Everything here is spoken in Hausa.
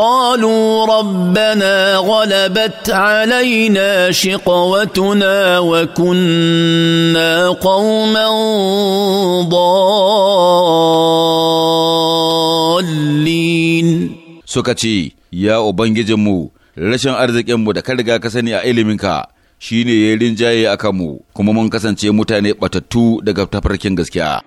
قالوا ربنا غلبت علينا شقوتنا وكنا قوما ضالين suka ce ya mu rashin arzikinmu da ka riga ka sani a iliminka shine ya rinjaye a kanmu kuma mun kasance mutane batattu daga tafarkin gaskiya